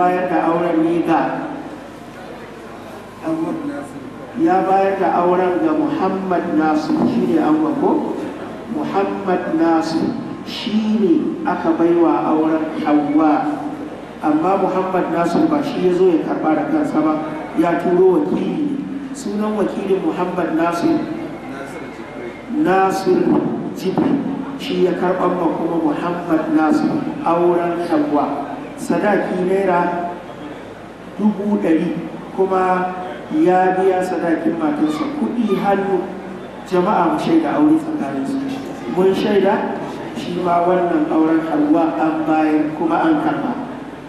bayar da auren ne ga ya bayar da auren ga muhammad nasu shi ne an ko muhammad nasu shi ne aka baiwa auren hawa amma muhammad nasu ba shi ya zo ya karba da kansa ba ya turo wakili sunan wakilin muhammad nasu nasu jibri shi ya karɓar ma kuma muhammad nasu auren hawa sadaki naira dubu ɗari kuma ya biya sadakin matarsa kuɗi hannu jama'a mu shaida aure tsakanin su mun shaida shi ma wannan auren halwa an bayan kuma an karɓa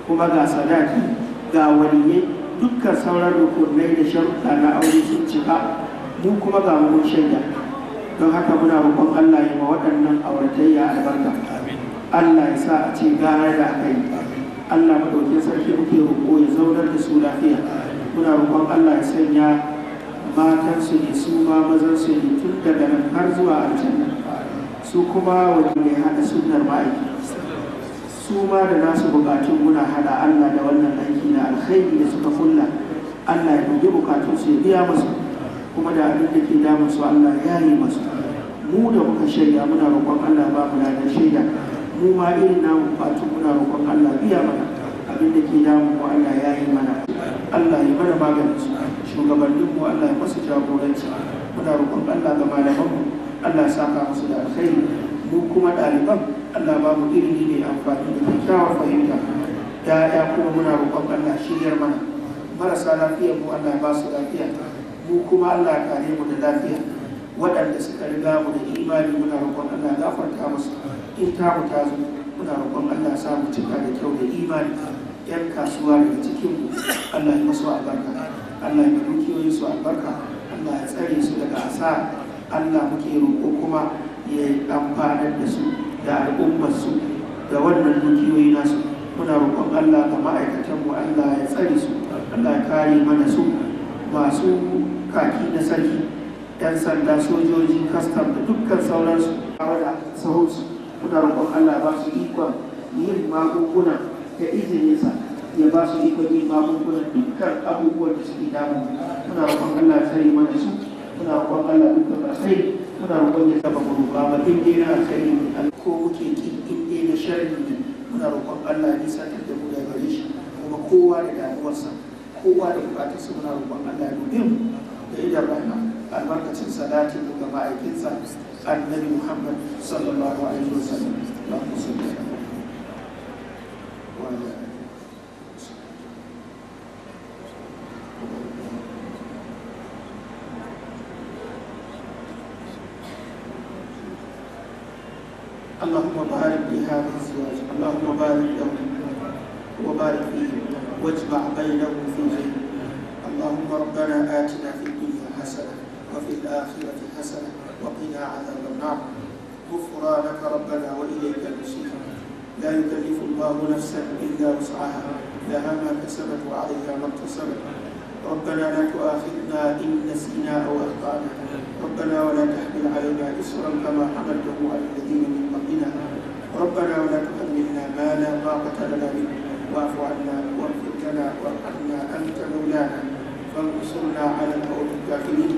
kuma ga sadaki ga waliye dukkan sauran rukunai da sharuɗa na aure sun cika mu kuma ga mun shaida don haka muna roƙon Allah ya ma waɗannan auratayya albarka Allah ya sa a ce gara da aka yi Allah madauki sarki muke roƙo ya zaunar da su lafiya muna roƙon Allah ya sanya matan su ne su ma mazan su ne tun daga nan har zuwa aljanna su kuma wani ne hada sunnar ma'aiki su ma da nasu bukatun muna hada Allah da wannan aiki na alkhairi da suka kulla Allah ya dubi bukatun su ya biya masu kuma da abin da ke damun su Allah ya yi musu mu da muka shaida muna roƙon Allah ba mu da shaida mu ma irin namu fatu muna roƙon Allah biya mana abin da ke damu ko Allah ya yi mana Allah ya mana maganin shugabannin mu Allah ya masa jagoranci muna roƙon Allah ga malaman mu Allah ya saka musu da alkhairi mu kuma ɗaliban Allah ba mu irin ne amfani da kyakkyawa fahimta ya'ya kuma muna roƙon Allah shiryar mana marasa lafiya mu Allah ba su lafiya mu kuma Allah kare mu da lafiya waɗanda suka riga mu da imani muna roƙon Allah gafarta musu in ta mu ta zo muna roƙon Allah sa mu cika da kyau da imani yan kasuwa daga cikin mu Allah ya masu albarka Allah ya dukiyoyi su albarka Allah ya tsare su daga asara Allah muke roƙo kuma ya amfanar da su da al'ummar su da wannan dukiyoyi nasu muna roƙon Allah ga ma'aikatan mu Allah ya tsare su Allah ya kare mana su masu kaki na sarki 'yan sanda sojoji kastam da dukkan sauransu a wadda sahunsu muna roƙon Allah ba su ikon yin magunguna da izininsa ya ba su ikon yin magunguna dukkan abubuwan da suke damu muna roƙon Allah ya tsare mana su muna roƙon Allah dukkan sai muna roƙon ya saba mu roƙa ba in dai na alkhairi ne ko muke cikin in dai na sharri muna roƙon Allah ya saka da mu da gare shi kuma kowa da damuwarsa kowa da bukatarsa muna roƙon Allah ya nuna da idan rahma albarkacin salati daga ma'aikinsa النبي محمد صلى الله عليه وسلم اللهم صل على وعلى آله اللهم بارك بهذا الزواج اللهم بارك له وبارك فيه واجمع بينهم في جنة اللهم ربنا آتنا في الدنيا حسنة وفي الآخرة حسنة وقنا عذاب النار غفرانك ربنا واليك المصير لا يكلف الله نفسا الا وسعها لها ما كسبت وعليها ما اكتسبت ربنا لا تؤاخذنا ان نسينا او اخطانا ربنا ولا تحمل علينا اسرا كما حملته على الذين من قبلنا ربنا ولا تحملنا ما لا طاقه لنا به واعف عنا واغفر لنا وارحمنا انت مولانا فانصرنا على القوم الكافرين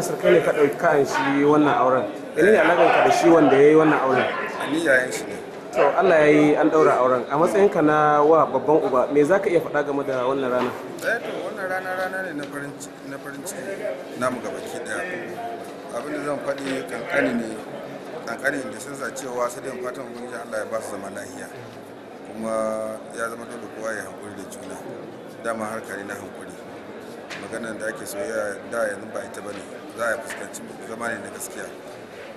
nasir kai ne ka ɗauki kayan shi wannan auren ina ne alaƙar da shi wanda ya yi wannan auren ni yayin shi ne to Allah ya yi an ɗaura auren a matsayinka na wa babban uba me za ka iya faɗa game da wannan rana eh to wannan rana rana ne na farin na farin ciki namu gabaki daya abin da zan faɗi kankani ne kankani da sun sa cewa sai dai fatan ubangiji Allah ya ba su zama lafiya kuma ya zama dole kowa ya haƙuri da juna dama harkari na haƙuri maganar da ake soyayya da yanzu ba ita ba ne. za a fuskanci zama ne na gaskiya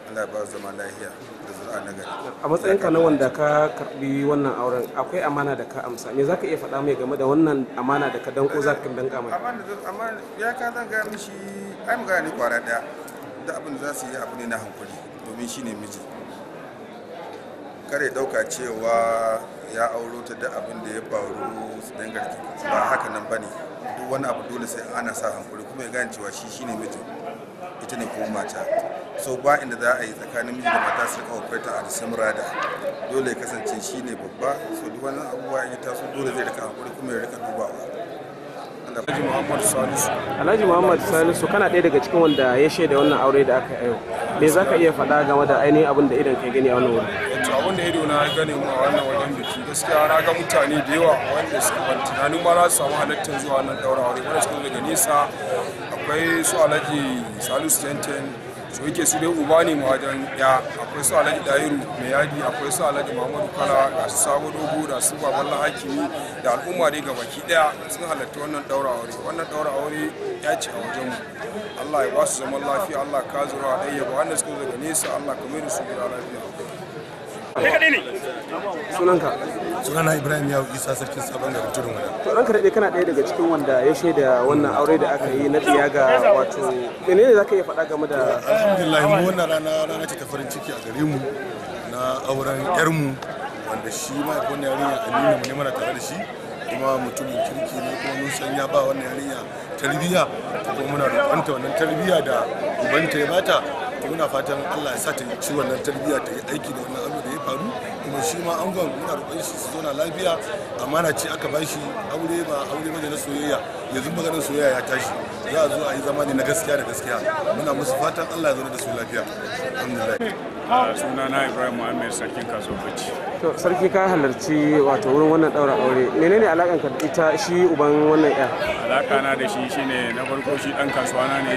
Allah ba zama lahiya da zura na gari a matsayin ka na wanda ka karbi wannan auren akwai amana da ka amsa me ka iya faɗa mai game da wannan amana da ka danko zaka danka mai Amma ya ka zan gaya mishi ai mu ne kwara daya da abin za su yi abu ne na hankali domin shi ne miji kare dauka cewa ya auro ta da abin da ya faru su dangar ba haka nan ba ne. duk wani abu dole sai ana sa hankali kuma ya gane cewa shi shine mijin ita ne kuma mata so ba inda za a yi tsakanin miji da mata su rika operata a same rada dole ya kasance shi ne babba so duk wani abubuwa ya taso dole zai rika hakuri kuma ya rika dubawa Alhaji Muhammad Salisu. Alhaji Muhammad Salisu kana ɗaya daga cikin wanda ya shaida wannan aure da aka yau. Me za ka iya faɗa game da ainihin abin da idan kai gani a wannan wuri Wato abin da ido na gane mu a wannan wajen biki gaskiya na ga mutane da yawa wanda suka ban tunanin ma za su samu halittar zuwa nan daura aure wanda suka daga nesa akwai su alhaji salisu jenten su yake su dai uba ne wajen ya akwai su alhaji dairu mai yadi akwai su alhaji muhammadu kala da su sabo dogo da su baban hakimi da al'umma dai gabaki daya sun halatta wannan daura aure wannan daura aure ya ce a wajen mu allah ya ba su zaman lafiya allah ka zura a ɗaya ba wanda suka zo nesa allah ka mai da su gura lafiya sunanka sunana ibrahim yawo isa sarkin sabon garin tudun wada to ranka daɗe kana ɗaya daga cikin wanda ya shaida wannan aure da aka yi na tsiya ga wato mene ne za ka iya faɗa game da alhamdulillah mu wannan rana rana ce ta farin ciki a gare mu na auren yar mu wanda shi ma ko wannan yarinya aminu mu ne mana tare da shi kuma mutumin kirki ne kuma mun san ya ba wannan yarinya tarbiyya kuma muna roƙonta wannan tarbiyya da ubanta ya bata muna fatan Allah ya sa ta yi ciwon wannan tarbiyya ta yi aiki da wannan faru kuma shi ma angon muna roƙon shi su zo na lafiya amana ce aka ba shi aure ba aure da na soyayya yanzu maganin soyayya ya tashi za a zo a yi zama ne na gaskiya da gaskiya muna musu fatan Allah ya zo da su lafiya alhamdulillah suna na Ibrahim Muhammad sarkin kaso bacci to sarki ka halarci wato wurin wannan daura aure menene alakan ka da ita shi uban wannan yar alaka na da shi shine na farko shi dan kasuwa na ne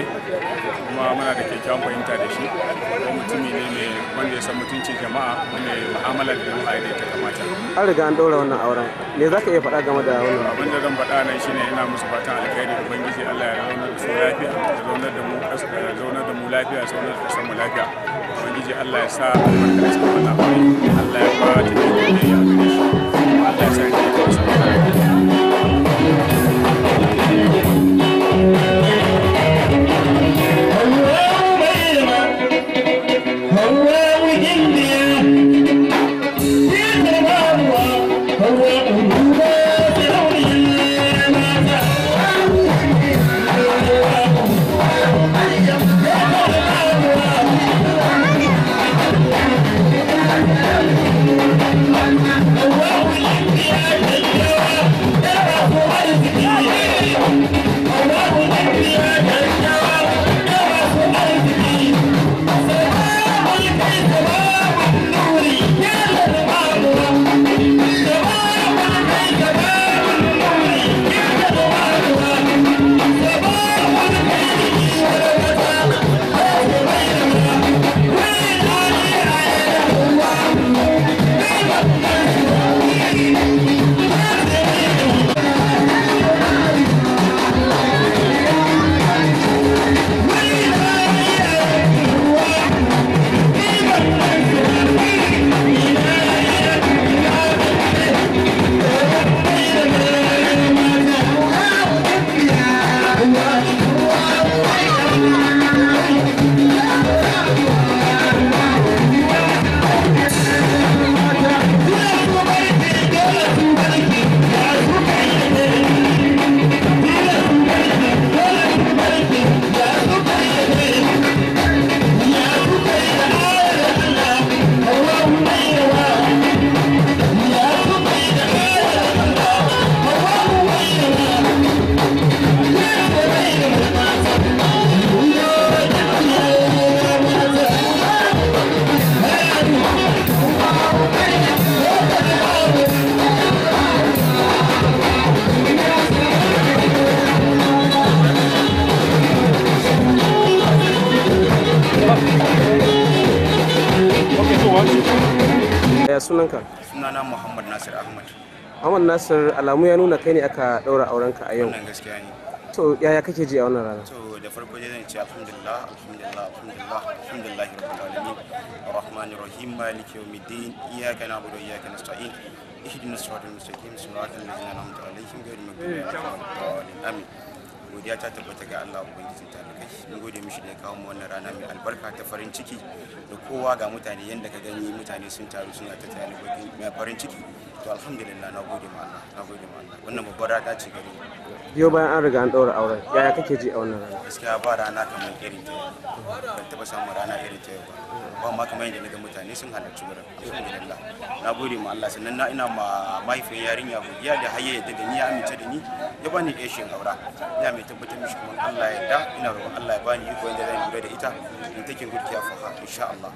kuma muna da kyakkyawan fahimta da shi ko mutumi ne ne wanda ya san mutuncin jama'a wanda ya mu'amala da jama'a da ta kamata an riga an daura wannan auren me zaka iya faɗa game da wannan abin da zan faɗa nan shine ina musu fata ka alkhairi ubangiji Allah ya zaunar da su lafiya ya zaunar da mu ya zaunar da mu lafiya ya zaunar da mu lafiya ubangiji Allah ya sa albarka a cikin Allah ya ba ta da ya Allah ya sa ta da Nasir alamu ya nuna kai ne aka daura aurenka a yau. Wannan gaskiya ne. To yaya kake ji a wannan rana? To da farko zan ce alhamdulillah alhamdulillah alhamdulillah alhamdulillah rabbil alamin arrahmanir rahim maliki yawmiddin iyyaka na'budu wa iyyaka nasta'in ihdinas siratal mustaqim siratal ladzina an'amta alaihim ghayril maghdubi alaihim waladdallin amin. godiya ta tabbata ga Allah Ubangijin kai mun gode mishi da ya kawo mu wannan rana mai albarka ta farin ciki da kowa ga mutane yanda ka gani mutane sun taru suna ta talibai mai eh, farin ciki to alhamdulillah na gode ma Allah na gode ma Allah wannan babbar rana ce gare ni biyo bayan an riga an daura auren yaya kake ji a wannan rana gaskiya ba rana kamar irin ta ban taba samun rana irin ta ba ba ma kamar yadda naga mutane sun halarci gurin alhamdulillah na gode ma Allah sannan na ina ma mahaifin yarinya godiya da hayya yadda da ni ya amince da ni ya bani ishin aura ina mai tabbatar mishi kuma Allah ya da ina roƙon Allah ya bani iko yadda zan lura da ita in take gurkiya faha insha Allah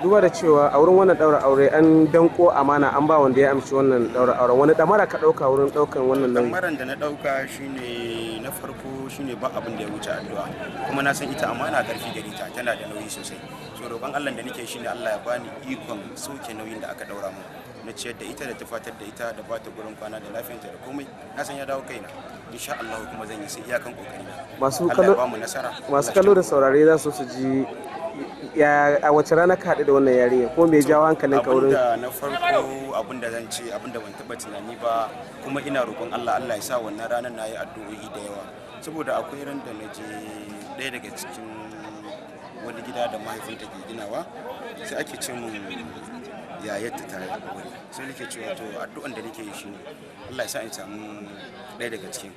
duba da cewa a wurin wannan daura aure an danko amana an ba wanda ya amshi wannan daura wani damara ka dauka wurin daukan wannan nan damaran da na dauka shine na farko shine ba abin da ya wuce addu'a kuma na san ita amana karfi gari ta tana da nauyi sosai so roƙon Allah da nake shine Allah ya bani ikon soke nauyin da aka daura mu na ciyar da ita da tufatar da ita da bata gurin kwana da lafiyarta da komai na san ya dawo kaina insha Allah kuma zan yi sai iyakan kokari masu kallo masu kallo da saurare za su ji ya a wace rana ka haɗu da wannan yarinya ko mai jawo hankalin ka wurin abinda na farko abinda zan ce abinda ban taba tunani ba kuma ina roƙon Allah Allah ya sa wannan ranar na yi addu'o'i da yawa saboda akwai ran da na je ɗaya daga cikin wani gida da mahaifinta ke ginawa sai ake ce mun Ya yadda ta yi alƙawari sai nake cewa to addu'an da nake yi shi Allah ya sa in samu ɗaya daga cikin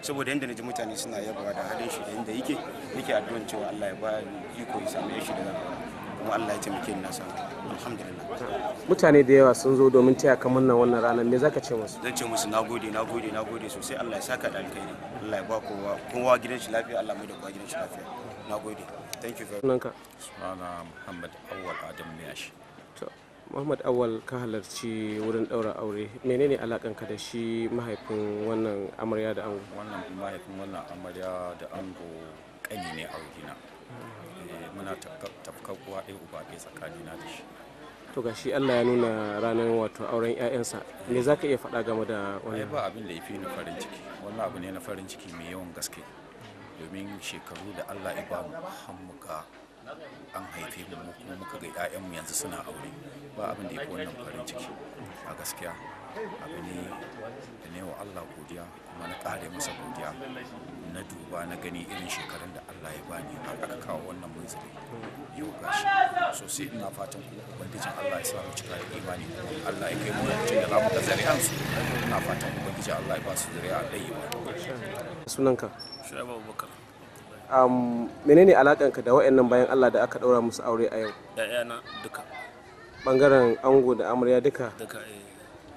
saboda yadda na ji mutane suna yabawa da halin shi da yadda yake nake addu'an cewa Allah ya ba iko ya samu shi da zama kuma Allah ya taimake ni na samu alhamdulillah mutane da yawa sun zo domin taya ka murna wannan ranar me zaka ce musu zan ce musu nagode nagode nagode sosai Allah ya saka da alkhairi Allah ya ba kowa kowa gidan shi lafiya Allah mai da kowa gidan shi lafiya nagode thank you very much sunanka subhana Muhammad Awwal Adam ashi muhammad awal ka halarci wurin daura aure menene alakanka da shi mahaifin wannan amarya da ango wannan mahaifin wannan amarya da ango kani ne a wurina eh, muna tafkakuwa ɗaya uba ɗaya tsakanina da shi to ga shi allah ya nuna ranar wato auren 'ya'yansa me za ka iya faɗa game da wannan ba abin da ya fi ni farin ciki wannan abu ne na farin ciki mai yawan gaske domin shekaru da allah ya bamu har muka an haife mu kuma muka ga 'ya'yanmu yanzu suna aure ba abin da ya fi wannan farin ciki a gaskiya abu ne da ne wa Allah godiya kuma na ƙare masa godiya na duba na gani irin shekarun da Allah ya bani har aka kawo wannan munzili yau gashi sosai ina fatan kuma ubangijin Allah ya sa mu cika da imani Allah ya kai mu lokacin da za mu ga zari'an su ina fatan ubangijin Allah ya ba su zari'a ɗaya ba sunanka Shu'aibu Abubakar um, menene alakanka da wa'annan bayan Allah da aka daura musu aure a yau ƴaƴana duka bangaren ango da amarya duka duka eh.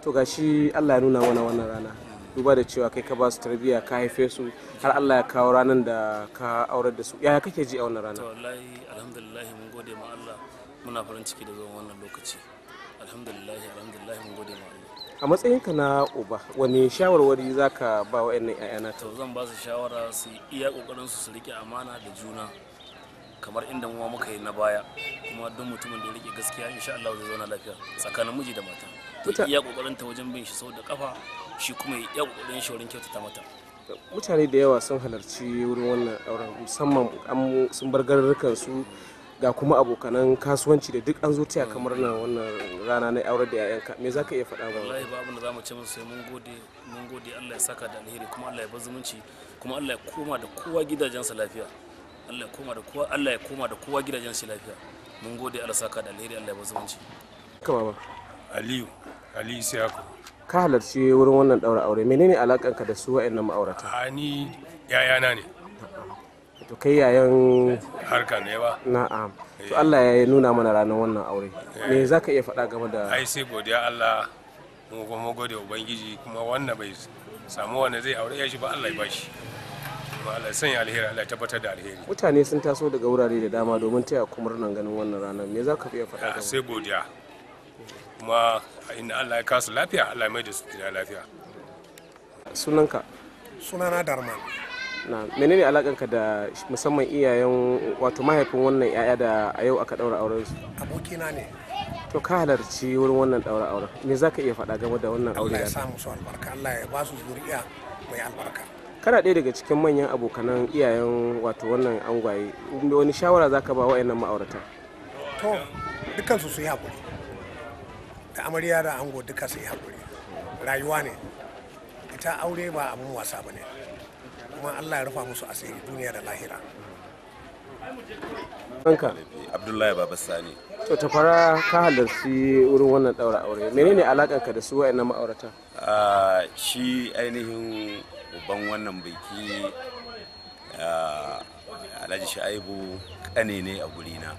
to gashi Allah ya nuna mana wannan rana duba da cewa kai ka ba su tarbiyya ka haife su har Allah ya kawo ranan da ka aurar da su yaya kake ji a wannan rana to wallahi alhamdulillah mun gode ma Allah muna farin ciki da zuwan wannan lokaci alhamdulillah alhamdulillah mun gode ma Allah a matsayinka na uba wani shawarwari za ka ba wa yana ta zan ba su shawara su iya kokarin su rike amana da juna kamar inda muwa muka yi na baya kuma duk mutumin da ya rike gaskiya insha Allah zai zauna lafiya tsakanin miji da mata ta iya kokarin ta wajen bin shi sau da kafa shi kuma ya iya kokarin shi wurin kyautata mata mutane da yawa sun halarci wurin wannan auren musamman sun bar garurrukan su ga kuma abokanan kasuwanci da duk an zo taya kamar na wannan rana na aure da yayanka me za ka iya faɗa ba wallahi ba abin da zamu ce musu sai mun gode mun gode Allah ya saka da alheri kuma Allah ya bar zumunci kuma Allah ya koma da kowa gidajensa lafiya Allah ya koma da kowa Allah ya koma da kowa gidajensa lafiya mun gode Allah saka da alheri Allah ya bar zumunci ka baba Aliyu Aliyu ku. ka halarci wurin wannan daura aure menene alakanka da su wa'annan ma'aurata ani ni yayana ne to kai yayan harka ne ba na'am to eh. Allah ya nuna mana ranar wannan aure eh. me za ka iya faɗa game da ai sai godiya Allah mu mu gode ubangiji kuma wannan bai samu wanda zai aure ya shi ba Allah ya bashi kuma Allah sanya alheri Allah tabbatar da alheri mutane sun taso daga wurare da dama domin taya kumar nan ganin wannan ranar me za ka iya faɗa ah, sai godiya kuma inda Allah ya kasu lafiya Allah ya mai da su lafiya sunanka sunana darman na menene alakanka da musamman iyayen wato mahaifin wannan yaya da a yau aka daura auren su abokina ne to ka halarci wurin wannan daura auren me zaka iya faɗa game da wannan aure Allah ya samu su albarka Allah ya ba su zuriya mai albarka kana ɗaya daga cikin manyan abokanan iyayen wato wannan angwaye wani shawara zaka ba wa'annan ma'aurata to dukkan su su yi hakuri da amarya da ango duka su yi hakuri rayuwa ne ita aure ba abun wasa bane ne kuma Allah ya rufa musu asiri duniya da lahira Ranka. Abdullahi Baba Sani. To ta fara ka halarci wurin wannan daura aure. Menene ka da su wayannan ma'aurata? shi ainihin uban wannan biki Alhaji Shaibu kane ne a gurina.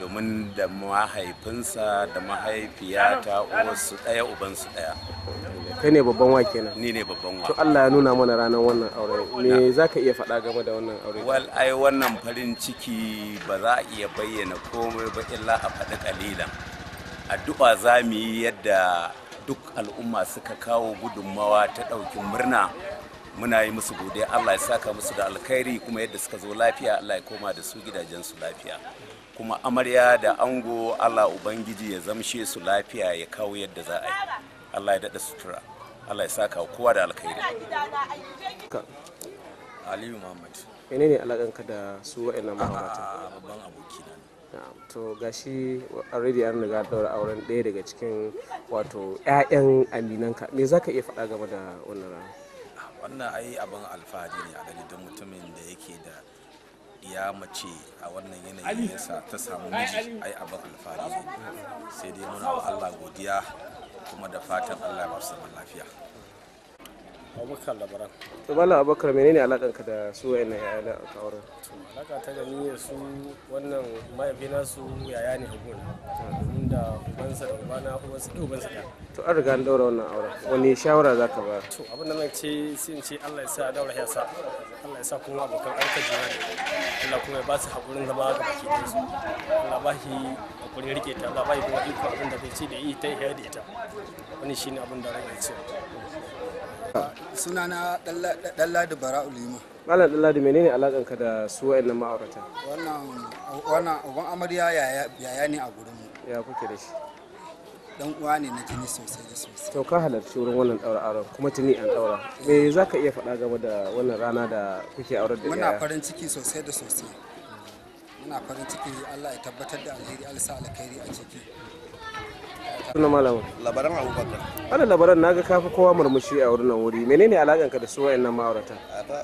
domin da mahaifinsa da mahaifiyata uwarsu daya, ubansu daya. kai ne babban wa kenan ni ne babban wa to Allah ya nuna mana ranar wannan aure me zaka iya faɗa game da wannan aure wal ai wannan farin ciki ba za a iya bayyana komai ba illa a faɗi kalilan addu'a za mu yi yadda duk al'umma suka kawo gudunmawa ta ɗaukin murna muna yi musu godiya Allah ya saka musu da alkhairi kuma yadda suka zo lafiya Allah ya koma da su gidajensu lafiya kuma amarya da ango allah ubangiji ya zamshe su lafiya ya kawo yadda za a yi allah ya daɗa sutura allah ya saka kowa da alkhairi aliyu muhammad mene ne alaƙanka da su wa'annan ma'aurata babban aboki na to gashi already an riga daura auren ɗaya daga cikin wato 'ya'yan aminanka me za ka iya faɗa game da wannan rana wannan ai abin alfahari ne a gani don mutumin da yake da ya mace a wannan yanayi yasa ta samu miji a yi abin alfahari sai dai muna wa Allah godiya kuma da fatan Allah ya ba su zaman lafiya abubakar labaran to malam abubakar menene alakanka da su wayannan yaya a kawar to alaka ta gani ya su wannan mahaifina su yaya ne a gona domin da ubansa da ubana ubansa da ubansa da to an riga an daura wannan auren wani shawara za ka ba to abin da zan ce sai in ce Allah ya sa daura ya sa Allah ya sa kuma abokan arka ne Allah kuma ya ba su hakurin zama ga baki su Allah ba shi hakurin rike ta Allah ba shi kuma iko abin da bai ce da yi ta iya da ita wani shine abin da zan ce sunana bara bara'u liman malam ɗanladi menene alaƙanka da su wa'annan ma'aurata wannan abun amarya yaya ne a gurin mu ya kuke da shi dan uwa ne na jini sosai da sosai to ka halarci wurin wannan daura auren kuma tuni an daura me za ka iya faɗa game da wannan rana da kuke aurar da muna farin ciki sosai da sosai muna farin ciki Allah ya tabbatar da alheri Allah sa alkhairi a ciki Suna malamu Labaran Abubakar. Ana labaran naga kafi kowa murmushi a wurin wuri. Menene ka da su wayannan ma'aurata?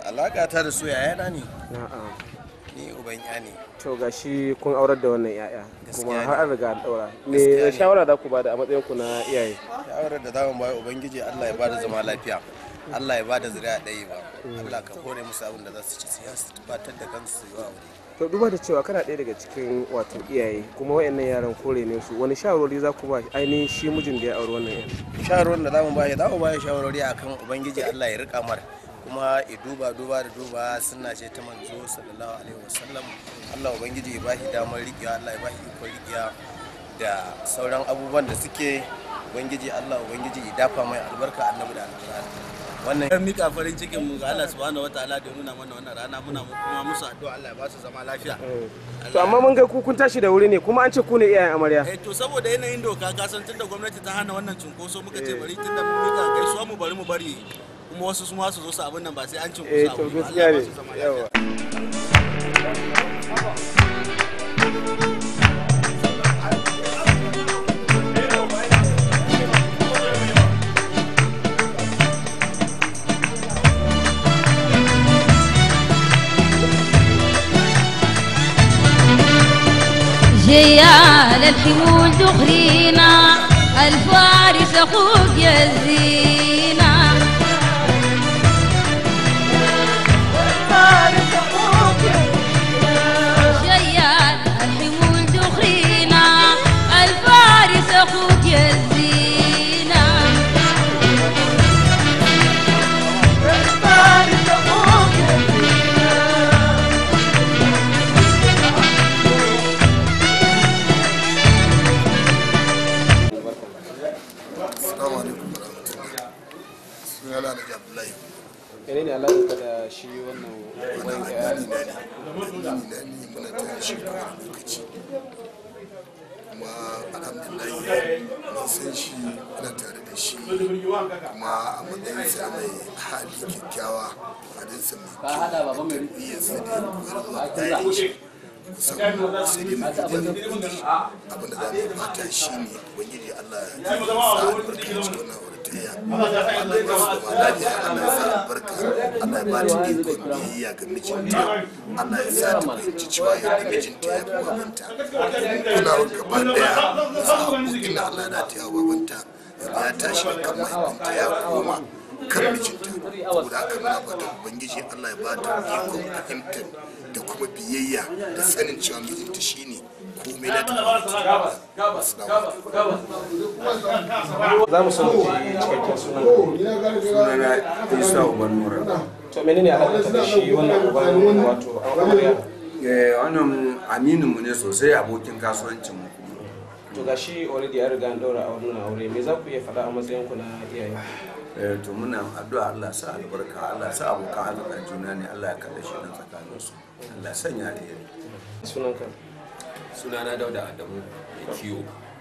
Alaka ta da su yaya yayana ne. Na'am. Ni uban ya ne. To gashi kun aurar da wannan yaya kuma har an riga an daura. Me shawara za ku ba da a matsayin ku na iyaye? Shawarar da zamu bayar ubangiji Allah ya bada zama lafiya. Allah ya bada zuriya ɗaya ba. Allah ka kore musu abin da za su ci su su tabbatar da kansu su yi wa aure. to duba da cewa kana ɗaya daga cikin wato iyaye kuma wayannan yaran kore ne su wani shawarwari za ku ba ainihin shi mijin da ya auri wannan yaran shawarwarin da za mu bayar za mu bayar shawarwari akan ubangiji Allah ya rika mar kuma ya duba duba da duba suna ce ta manzo sallallahu alaihi wasallam Allah ubangiji ya bashi damar riƙewa Allah ya bashi ikon riƙewa da sauran abubuwan da suke ubangiji Allah ubangiji ya dafa mai albarka annabi da alƙur'ani wannan yar mika farin cikin mu ga Allah subhanahu wataala da ya nuna mana wannan rana muna kuma musu addu'a Allah ya ba su zama lafiya eh. to amma mun ga ku kun tashi da wuri ne kuma an ce ku ne iyayen amarya eh to saboda yanayin doka ka san tunda gwamnati ta hana wannan cunkoso muka ce bari tunda mun mika so mu bari mu bari kuma wasu su ma su zo su abin nan ba sai an cunkoso eh, a ba Allah ya ba su zama lafiya يا الحمود دخرينا الفارس اخوك يا shi lokaci kuma alhamdulahi san shi ana tare da shi kuma a mai hali kyakkyawa halinsa mai kyau da da da ya mu shi ne allah ya Allah ya ba ta ikon biyayya ga mijinta Allah ya sa ta fahimci cewa yadda mijinta ya kuma manta kuna gaba daya za a kuɗi na Allah na ta yawa wanta ya tashi kan mahaifinta ya koma kan mijinta saboda haka muna fata ubangiji Allah ya ba ta ikon fahimtar da kuma biyayya da sanin cewa mijinta shine komai na za mu sanar cikakken sunan oh, sunana isa uban nura to menene ne da shi wannan uban wato a eh, wannan aminin mu ne sosai abokin kasuwancin mu to ga shi already ya riga an daura a wannan aure me za ku iya faɗa a matsayin ku na iyaye eh to muna addu'a Allah sa albarka Allah sa abokan halaka juna ne Allah ya kalle shi nan tsakaninsu Allah sanya alheri sunanka sunana dauda adamu da kiyo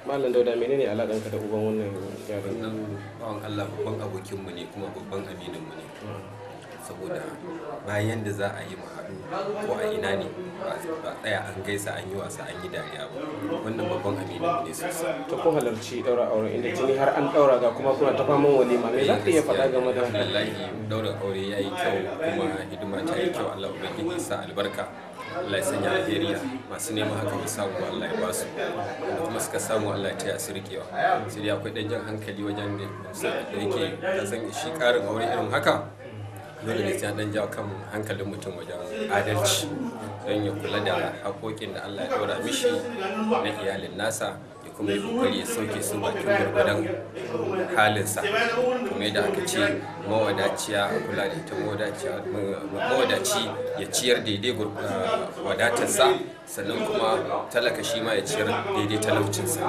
malam dauda menene alaƙanka da uban wannan yaron nan bawan allah babban abokinmu ne kuma babban aminin mu ne mm. saboda bayan da za a yi haɗu ko a ina ne ba tsaya an gaisa an yi wasa an yi dariya ba wannan babban aminin ne sosai ta ko halarci daura aure inda tuni har an daura ga kuma kuna ta faman wani ma me za ka iya faɗa game da wallahi daura aure ya yi kyau kuma hidima ta yi kyau Allah ubangiji sa albarka Allah ya sanya alheriya masu neman haka ba samu Allah ya ba su wanda kuma suka samu Allah ya taya su rikewa sai dai akwai dan jan hankali wajen da yake ka san shi karin aure irin haka dole ne sai dan jawo kan hankalin mutum wajen adalci don ya kula da haƙoƙin da Allah ya ɗora mishi na iyalin nasa ya kuma yi kokari ya sauke su bakin gwargwadon halinsa kuma yadda aka ce mawadaciya a kula da ita mawadaci ya ciyar daidai ah, wadatarsa sannan kuma talaka shi ma ya ciyar daidai talaucinsa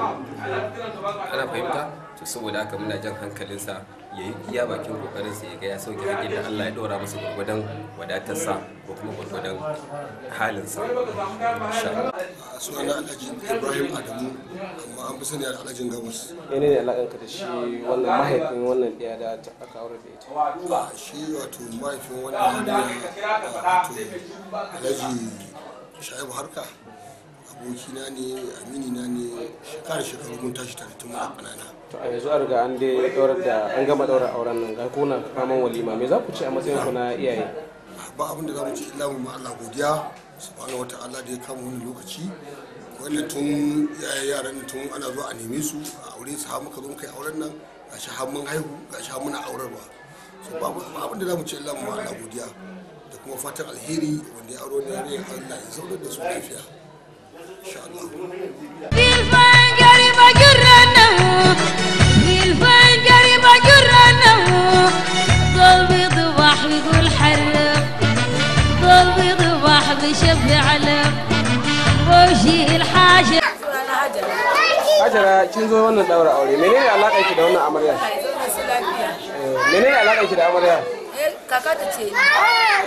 ana fahimta to saboda haka muna jan hankalinsa ya yi iya bakin kokarin sa ya ga ya sauke hakkin da Allah ya dora masa gurgudan wadatarsa ko kuma gurgudan sa sunana alhaji ibrahim adamu amma an fi sani da alhajin gabas ne ne ka da shi wannan mahaifin wannan ɗaya da aka aure da ita shi wato mahaifin wannan ɗaya wato alhaji shaibu harka abokina ne aminina ne shekara shekaru mun tashi tare tun muna ƙanana to a yanzu an riga an dai daurar da an gama daura auren nan ga kuna faman walima me za ku ce a matsayin ku na iyaye ba abin da za mu ce illa mu ma Allah godiya subhanahu wataala da ya kama wani lokaci wani tun yaran tun ana zuwa a neme su a aure su har muka zo muka auren nan gashi har mun haihu gashi har muna aurarwa so babu abin da za mu ce illa mu ma Allah godiya da kuma fatan alheri wanda ya auro ne ya Allah ya zaunar da su lafiya insha Allah Hajara kin zo wannan daura aure menene alaƙar ki da wannan amarya? Eh, menene alaƙar ki da amarya? Eh, kaka ta ce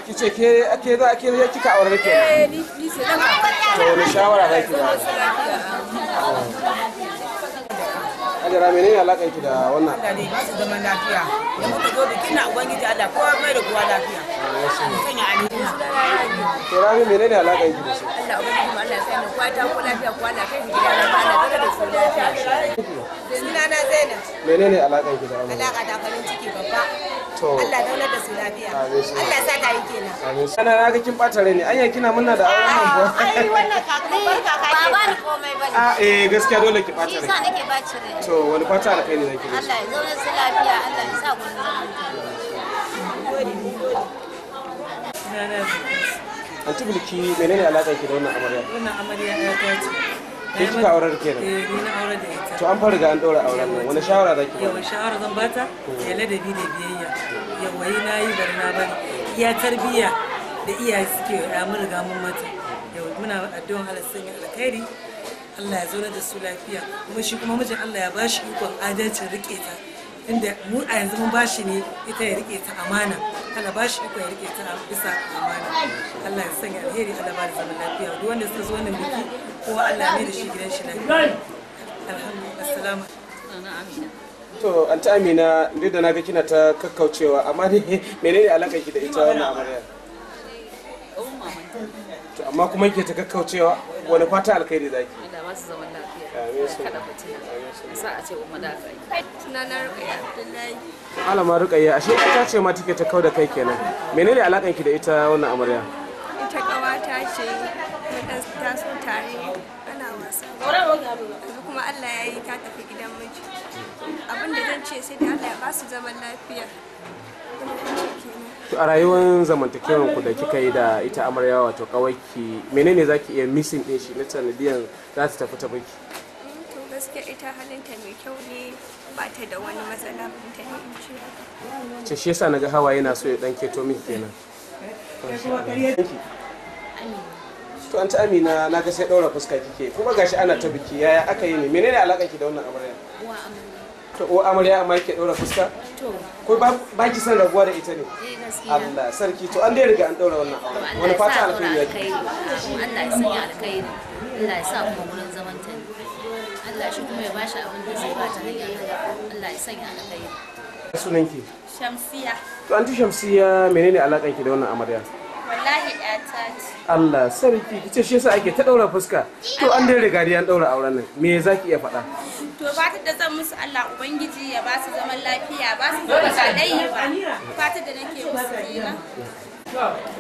ki ce ke ake za ke kika aure ke? Eh ni ni sai dan ka To ni shawara za ki ba? hajara ne alaka ki da wannan Allah dai ba su zaman lafiya da muka zo bikin na ubangiji Allah kowa mai da kowa lafiya sanya alheri to rami ne alaƙar ki da su Allah ubangiji mu Allah ya sani kowa ta ko lafiya kowa lafiya ki gida na Allah daga da su lafiya suna na mene ne alaƙar ki da Allah alaƙa da farin ciki babba to Allah daular da su lafiya Allah sa ta yi kenan amin sana na ga kin bata rai ne anya kina muna da auren nan ba ai wannan kaka barka kake ba ba ni komai bane a eh gaskiya dole ki bata rai shi sa nake bata rai to wani fata alkhairi zaki da Allah ya zauna su lafiya Allah ya sa gudu Anti Bilki menene alaƙar ki da wannan amarya? Wannan amarya ya ta ce. Kin kika aurar ke nan? Eh, ni na aurar da ita. To an fara ga an daura auren nan. Wani shawara zaki ba? Yawa shawara zan bata? Hmm. Ya ladabi da biyayya. Yawa yi nayi bari na bari. Iya tarbiyya da iyaye suke ya mun riga mun mata. Yau muna addu'an Allah sanya alkhairi. Allah ya zauna da su lafiya kuma shi kuma mijin Allah ya bashi ikon adalcin rike ta inda mu a yanzu mun bashi ne ita ya rike ta amana kana bashi ikon ya rike ta bisa amana Allah ya sanya alheri Allah ba zaman lafiya duk wanda suka zo wannan biki kowa Allah mai da shi gidan shi lafiya alhamdulillah assalamu to an ta amina duk da naga kina ta kakkaucewa amma ne menene alakar ki da ita wannan amarya to amma kuma ke ta kakkaucewa wani fata alkhairi zaki su zaman lafiya kada a ce umar da kai sunana abdullahi alama ruqayya ashe ita ce ma take ta da kai kenan menene alakan ki da ita wannan amarya ita ta ce ta so tare ana wasa yanzu kuma Allah ya yi ta tafi gidan miji abin da zan ce sai da Allah ya ba su zaman lafiya a rayuwar zamantakewar ku da kika yi da ita amarya wato kawaki menene zaki iya missing din shi na sanadiyan za ta tafi ta baki gaske ita halinta mai kyau ne ba ta da wani matsala ba ta yi in ce ce shi yasa naga hawa yana so ya dan keto min kenan to an ta amina na ga sai daura fuska kike kuma gashi ana ta biki yaya aka yi ne menene alakanki ki da wannan amarya to o amarya amma ke ɗaura fuska ko ba ki san rabuwa da ita ne eh, Allah sarki to an dai riga an ɗaura wannan aure wani fata alkhairi ya ke Allah ya sanya alkhairi Allah ya sa kuma gurin zaman ta Allah shi kuma ya bashi abin da zai ba ta hanyar Allah ya sanya alkhairi sunan ki Shamsiya to anti Shamsiya menene alakan ki da wannan amarya wallahi yata ce Allah sarki kice shi yasa ake ta daura fuska to an dai riga an daura auren nan me zaki iya faɗa to fata da zan musu Allah ubangiji ya ba su zaman lafiya ba su zama kadai ba fata da nake musu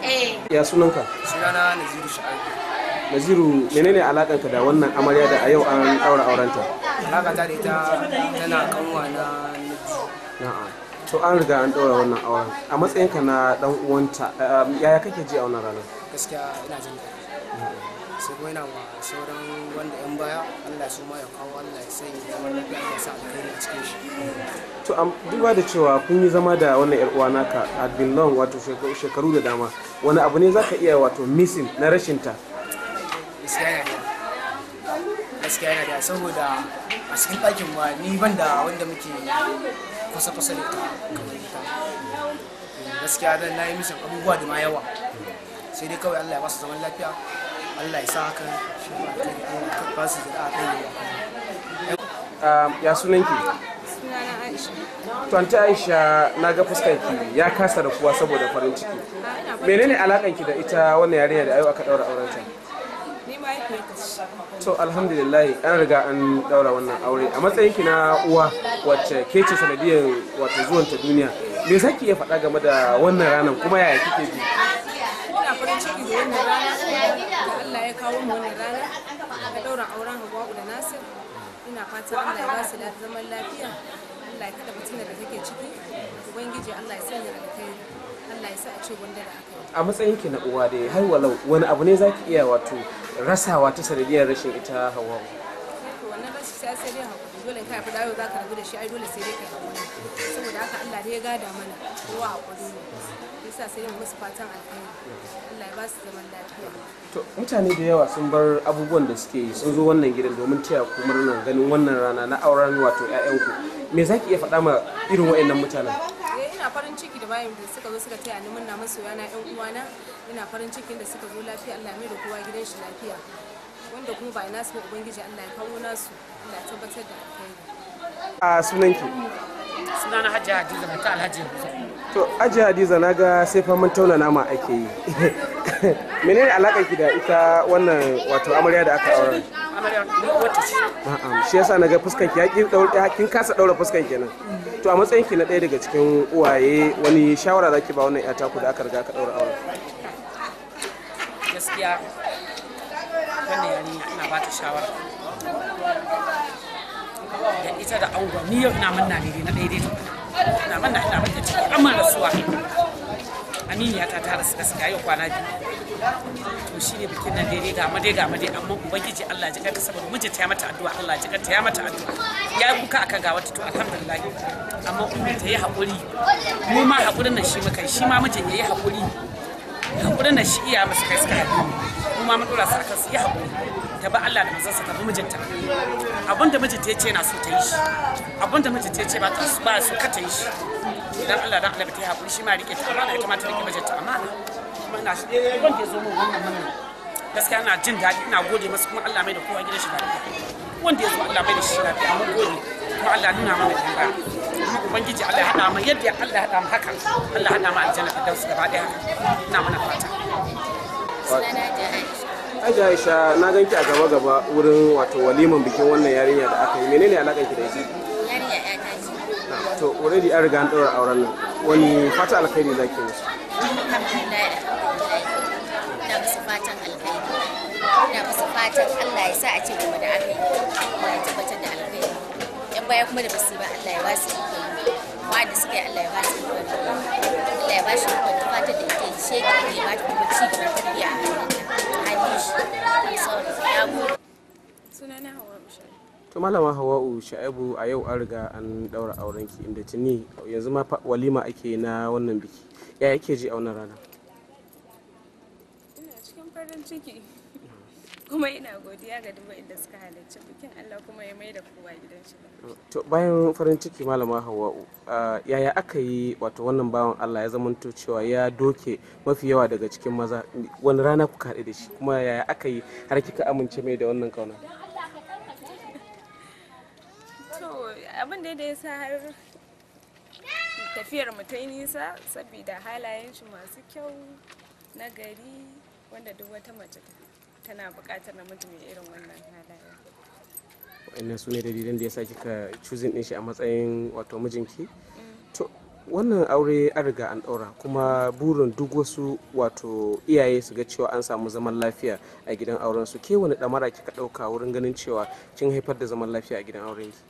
eh ya sunanka sunana Naziru Sha'abi naziru menene alakanka da wannan amarya da a yau an daura aurenta alakata da ita tana kanwa na To an riga an ɗora wannan auren a matsayinka na ɗan uwanta um, yaya kake ji a wannan ranar gaskiya ina jin daɗi sai kuma ina ma sauran wanda yan baya Allah su ma ya kawo Allah ya sanya zaman lafiya ya sa alheri a cikin shi to am duba da cewa kun yi zama da wannan yar uwa naka a billon wato shekaru da dama wani abu ne zaka iya wato missing na rashin ta gaskiya gaskiya yana da saboda a cikin ɗakin ma ni ban da wanda muke kusa-kusa da kawai gaskiya dan na yi mishin abubuwa da ma yawa sai dai kawai allah ya basu zaman lafiya allah ya sa haka shi ba basu da a kai ya sunan ki to aisha na ga fuskar ki ya kasa da kuwa saboda farin ciki menene alakanki da ita wannan yarinya da ayo aka daura auren ta to alhamdulillah an riga an daura wannan aure a matsayin ki na uwa wacce ke ce sanadiyar wata zuwan ta duniya me za ki iya faɗa game da wannan ranar kuma yaya kike ji ina farin ciki da wannan rana Allah ya kawo mu wannan rana ga daura auren Hawwa da Nasir ina fatan Allah ya ba su da zaman lafiya Allah ya kada mutumin da take ciki ubangiji Allah ya sanya alkhairi Allah ya sa a ce wanda da aka a matsayin ki na uwa dai har walau wani abu ne zaki iya wato rasawa ta sanadiyar rashin ita hawa wannan rashin sai sai dai hakuri dole ka fi dawo za ka rabu da shi ai dole sai dai ka hakuri saboda haka Allah dai ya gada mana kowa hakuri ne yasa sai mu musu fatan alheri Allah ya ba su zaman lafiya to mutane da yawa sun bar abubuwan da suke yi sun zo wannan gidan domin taya ku murnar ganin wannan rana na auren wato 'ya'yanku me zaki iya faɗa ma irin waɗannan mutanen ina farin ciki da bayan da suka zo suka taya ni murna masoya na yan uwana ina farin cikin da suka zo lafiya Allah mai da kowa gidan shi lafiya wanda kuma bai nasu ubangiji Allah ya kawo nasu Allah tabbatar da alkhairi a sunanki sunana Hajji Alhaji to aji hadiza na ga sai fa mun tauna nama ake yi menene alaka ki da ita wannan wato amarya da aka aure amarya shi yasa na ga fuskan ki yakin daure kin kasa daura fuskan kenan to a matsayin ki na ɗaya daga cikin uwaye wani shawara za ki ba wannan yata ku da aka riga aka daura aure gaskiya wannan yari ina ba ta shawara da ita da angon ni yau ina manna ne na daidai na ban da ina ban da ciki amma rasuwa aminiya ta tara su gaskiya yau kwana biyu to shi ne bikin nan daidai ga madai ga madai amma ubangiji Allah ji kanta saboda miji ta mata addu'a Allah ji kanta ya mata addu'a ya buka kuka akan ga wata to alhamdulillah amma kuma ta yi hakuri. mu ma haƙurin nan shi muka yi shi ma mijin ya yi hakuri. haƙurin nan shi iya masu kai suka haƙuri mu ma mun dora su akan su yi hakuri. ta ba Allah da manzansa ta bi mijinta abin da mijinta ya ce na so ta yi shi abin da mijinta ya ce ba ta ba so ka ta yi shi idan Allah dan Allah ta yi hakuri shi ma rike ta amana ita ma ta rike mijinta amana kuma ina shi ban ke zo mun wannan mun gaskiya ina jin daɗi ina gode masa kuma Allah mai da kowa gidan shi ba wanda ya zo Allah mai da shi lafiya mun gode kuma Allah nuna mana da kuma ubangiji Allah ya hada mu yadda Allah ya hada mu haka Allah ya hada mu aljanna da su gaba daya ina mana fata sunana da Aja Aisha na gan ki a gaba gaba wurin wato waliman bikin wannan yarinya da aka yi menene alakan ki da ita? Yarinya ya ta ce. Ah, to already an riga an daura auren nan. Wani fata alkhairi zaki musu? Ina musu fatan alkhairi. Ina musu fatan Allah ya sa a ce gaba da aka yi. Ya tabbatar da alkhairi. Yan baya kuma da basu ba Allah ya ba su wa'anda suka yi Allah ya ba su Allah ya ba shi fatan da yake shege ne ba ta kuma ci gaba da biya. to malama hawa'u sha'abu a yau an riga an daura aurenki ki inda tuni yanzu ma walima ake na wannan biki ya yake ji a wannan rana ina cikin farin ciki kuma ina godiya ga duk inda suka halarci bikin Allah kuma ya mai da kowa gidan shi to bayan farin ciki malama Hawwa'u yaya aka yi wato wannan bawan Allah ya zamanto cewa ya doke mafi yawa daga cikin maza wani rana kuka haɗu da shi kuma yaya aka yi har kika amince mai da wannan kauna to abin da ya sa har tafiyar mu ta yi nisa saboda halayen shi masu kyau na gari wanda duk wata mace ta tana buƙatar namiji mai irin wannan halaye wa'annan su ne dalilan da ya sa kika cuzin din shi a matsayin wato mijinki to wannan aure an riga an ɗaura kuma burin duk wasu wato iyaye su ga cewa an samu zaman lafiya a gidan auren su ke wani ɗamara kika ɗauka wurin ganin cewa kin haifar da zaman lafiya a gidan auren ki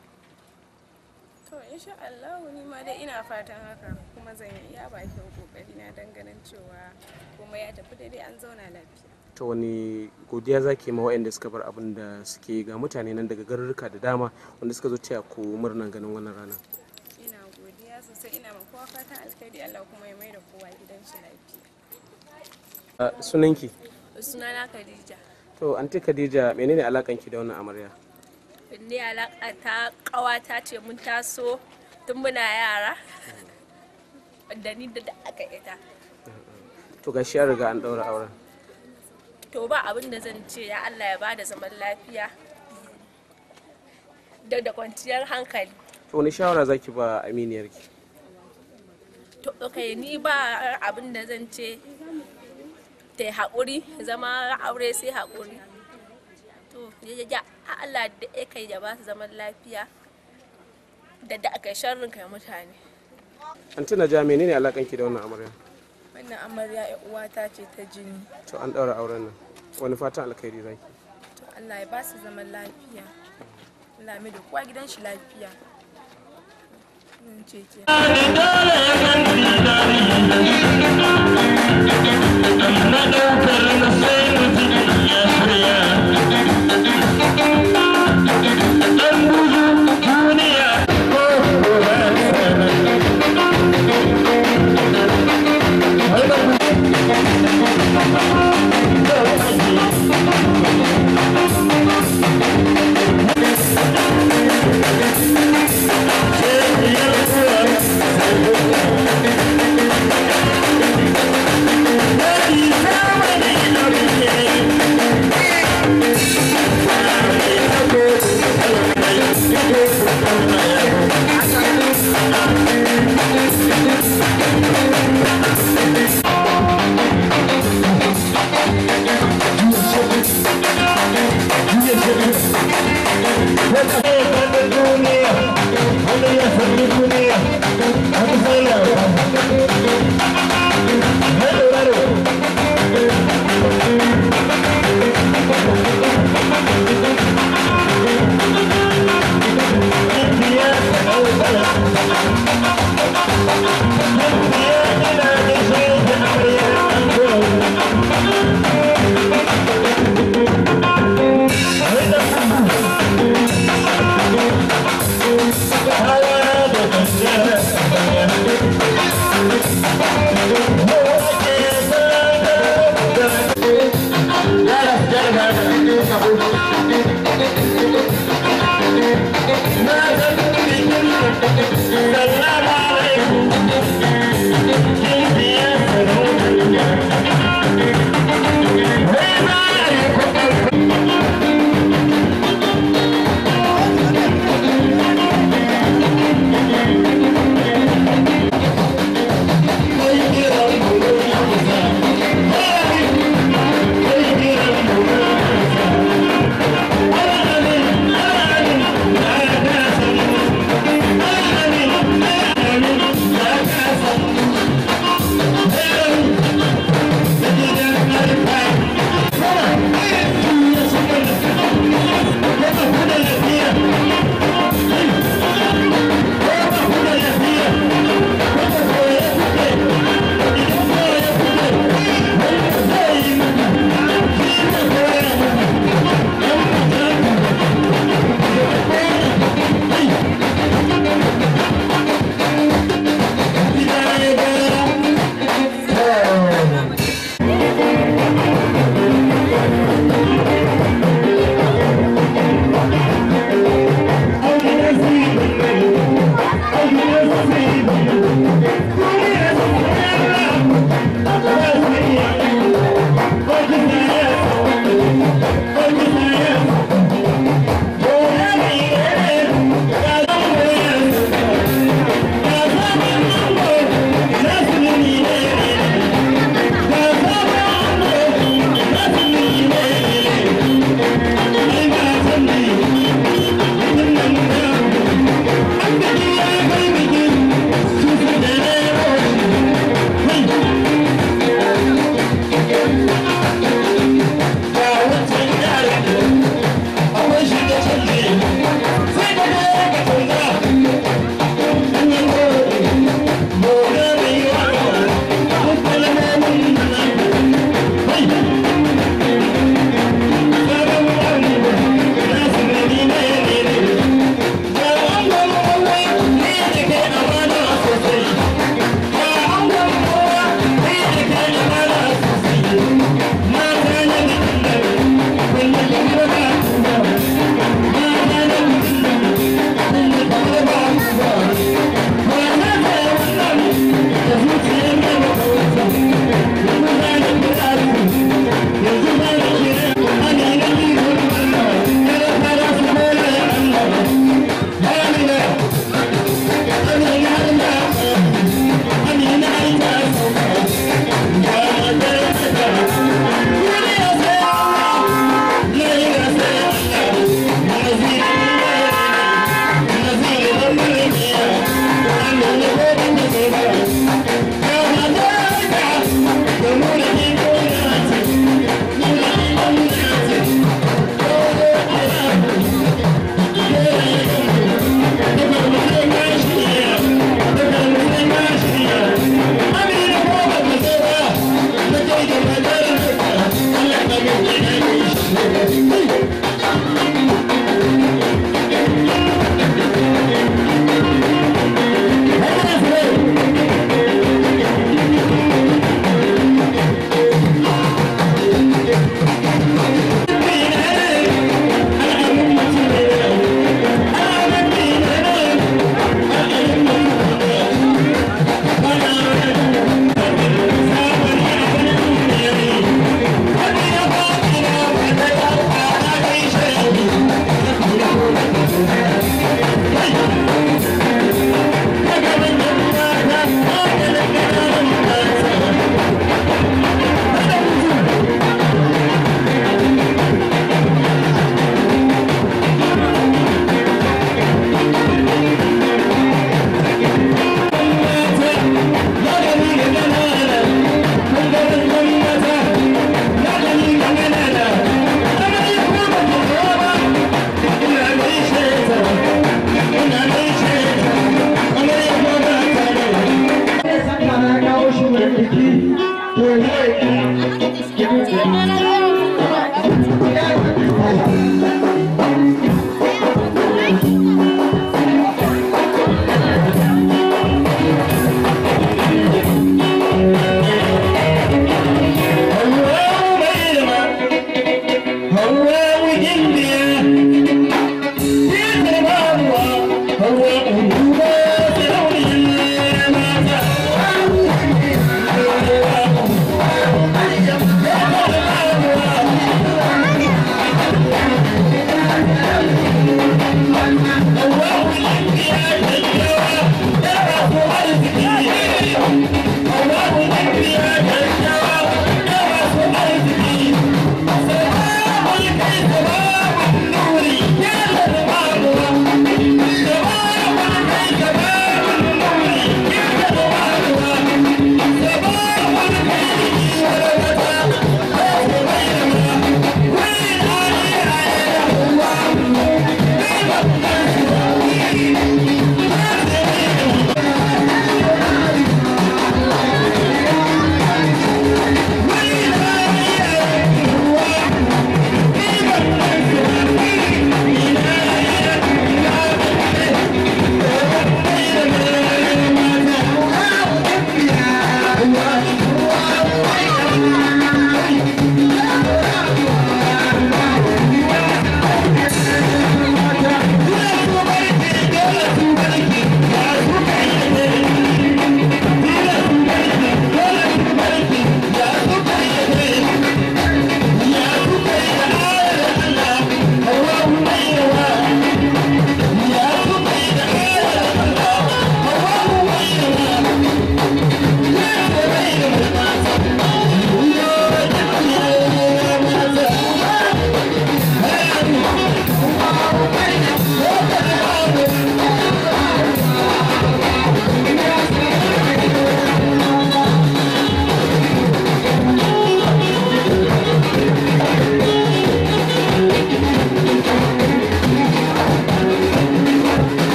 to insha Allah ni ma dai ina fatan haka kuma zan yi iya bakin kokari na dan ganin cewa kuma ya tafi daidai an zauna lafiya ta wani godiya za ki ma waɗanda suka bar abin da suke ga mutane nan daga garuruka da dama wanda suka zo taya ku murnan ganin wannan rana ina godiya sosai ina ma kowa fatan alkhairi Allah kuma ya mai da kowa gidan shi lafiya sunanki sunana Khadija to anti Khadija menene alakanki da wannan amarya ne alaka ta kawata ce mun taso tun muna yara mm. da ni da aka ita mm, mm. to gashi an riga an daura auren to ba abin da zan ce ya allah ya bada zaman lafiya da da kwanciyar hankali to wani shawara zaki ba aminiyarki to okay ni ba abin da zan ce ta haƙuri zama aure sai haƙuri to ya allah da ya kai ya ba su zaman lafiya da da aka sharrin kai mutane an ne ne alakan alakanki da wannan amarya wannan amarya ya uwata ce ta jini to an daura auren nan wani fatan alkhairi zaki to Allah ya ba su zaman lafiya Allah mai da kowa gidan shi lafiya mun ce ke na